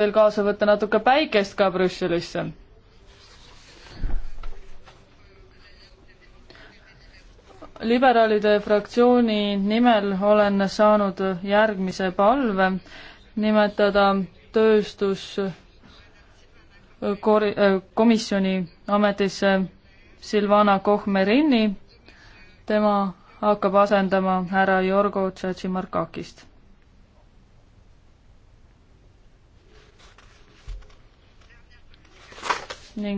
veel kaasa võtta natuke päikest ka Brüsselisse. liberaalide fraktsiooni nimel olen saanud järgmise palve nimetada tööstuskomisjoni ametisse Silvana Kohmerini. tema hakkab asendama härra Jorgo Tšetšimarkakist